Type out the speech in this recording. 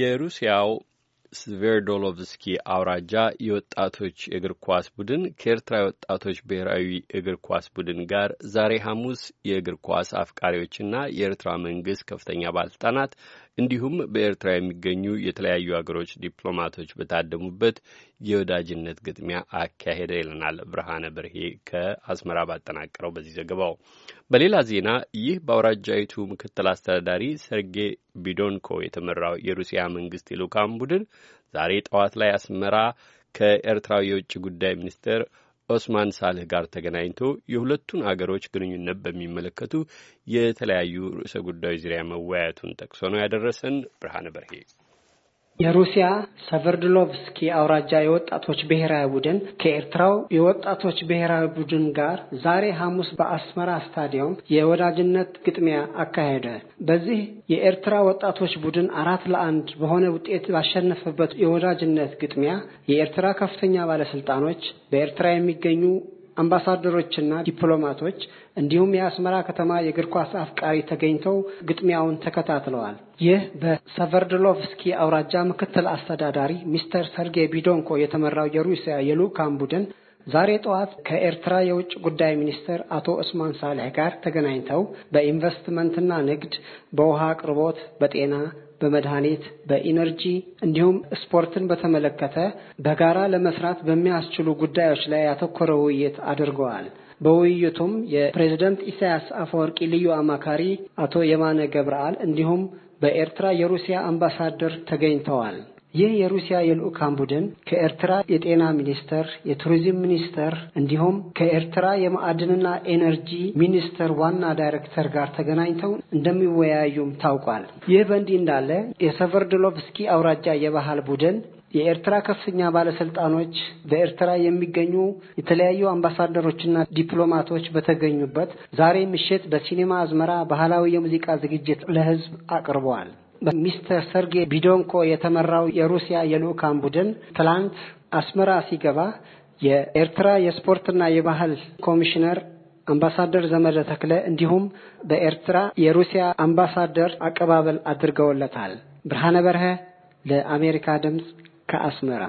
የሩሲያው ስቬርዶሎቭስኪ አውራጃ የወጣቶች እግር ኳስ ቡድን ከኤርትራ የወጣቶች ብሔራዊ እግር ኳስ ቡድን ጋር ዛሬ ሐሙስ የእግር ኳስ አፍቃሪዎችና የኤርትራ መንግስት ከፍተኛ ባለስልጣናት እንዲሁም በኤርትራ የሚገኙ የተለያዩ ሀገሮች ዲፕሎማቶች በታደሙበት የወዳጅነት ግጥሚያ አካሄደ ይለናል ብርሃነ በርሄ ከአስመራ ባጠናቀረው በዚህ ዘገባው። በሌላ ዜና ይህ በአውራጃዊቱ ምክትል አስተዳዳሪ ሰርጌ ቢዶንኮ የተመራው የሩሲያ መንግስት የልኡካን ቡድን ዛሬ ጠዋት ላይ አስመራ ከኤርትራዊ የውጭ ጉዳይ ሚኒስትር ኦስማን ሳልህ ጋር ተገናኝቶ የሁለቱን አገሮች ግንኙነት በሚመለከቱ የተለያዩ ርዕሰ ጉዳዮች ዙሪያ መወያየቱን ጠቅሶ ነው ያደረሰን። ብርሃነ በርሄ የሩሲያ ሰቨርድሎቭስኪ አውራጃ የወጣቶች ብሔራዊ ቡድን ከኤርትራው የወጣቶች ብሔራዊ ቡድን ጋር ዛሬ ሐሙስ በአስመራ ስታዲየም የወዳጅነት ግጥሚያ አካሄደ። በዚህ የኤርትራ ወጣቶች ቡድን አራት ለአንድ በሆነ ውጤት ባሸነፈበት የወዳጅነት ግጥሚያ የኤርትራ ከፍተኛ ባለስልጣኖች፣ በኤርትራ የሚገኙ አምባሳደሮችና ዲፕሎማቶች እንዲሁም የአስመራ ከተማ የእግር ኳስ አፍቃሪ ተገኝተው ግጥሚያውን ተከታትለዋል። ይህ በሰቨርድሎቭስኪ አውራጃ ምክትል አስተዳዳሪ ሚስተር ሰርጌይ ቢዶንኮ የተመራው የሩሲያ የልዑካን ቡድን ዛሬ ጠዋት ከኤርትራ የውጭ ጉዳይ ሚኒስትር አቶ እስማን ሳልሕ ጋር ተገናኝተው በኢንቨስትመንትና ንግድ፣ በውሃ አቅርቦት፣ በጤና፣ በመድኃኒት፣ በኢነርጂ እንዲሁም ስፖርትን በተመለከተ በጋራ ለመስራት በሚያስችሉ ጉዳዮች ላይ ያተኮረ ውይይት አድርገዋል። በውይይቱም የፕሬዝደንት ኢሳያስ አፈወርቂ ልዩ አማካሪ አቶ የማነ ገብረአል እንዲሁም በኤርትራ የሩሲያ አምባሳደር ተገኝተዋል። ይህ የሩሲያ የልዑካን ቡድን ከኤርትራ የጤና ሚኒስተር የቱሪዝም ሚኒስቴር እንዲሁም ከኤርትራ የማዕድንና ኤነርጂ ሚኒስቴር ዋና ዳይሬክተር ጋር ተገናኝተው እንደሚወያዩም ታውቋል። ይህ በእንዲህ እንዳለ የሰቨርድሎቭስኪ አውራጃ የባህል ቡድን የኤርትራ ከፍተኛ ባለስልጣኖች በኤርትራ የሚገኙ የተለያዩ አምባሳደሮችና ዲፕሎማቶች በተገኙበት ዛሬ ምሽት በሲኒማ አዝመራ ባህላዊ የሙዚቃ ዝግጅት ለሕዝብ አቅርበዋል። በሚስተር ሰርጌ ቢዶንኮ የተመራው የሩሲያ የልኡካን ቡድን ትላንት አስመራ ሲገባ የኤርትራ የስፖርትና የባህል ኮሚሽነር አምባሳደር ዘመደ ተክለ እንዲሁም በኤርትራ የሩሲያ አምባሳደር አቀባበል አድርገውለታል። ብርሃነ በርሀ ለአሜሪካ ድምፅ ከአስመራ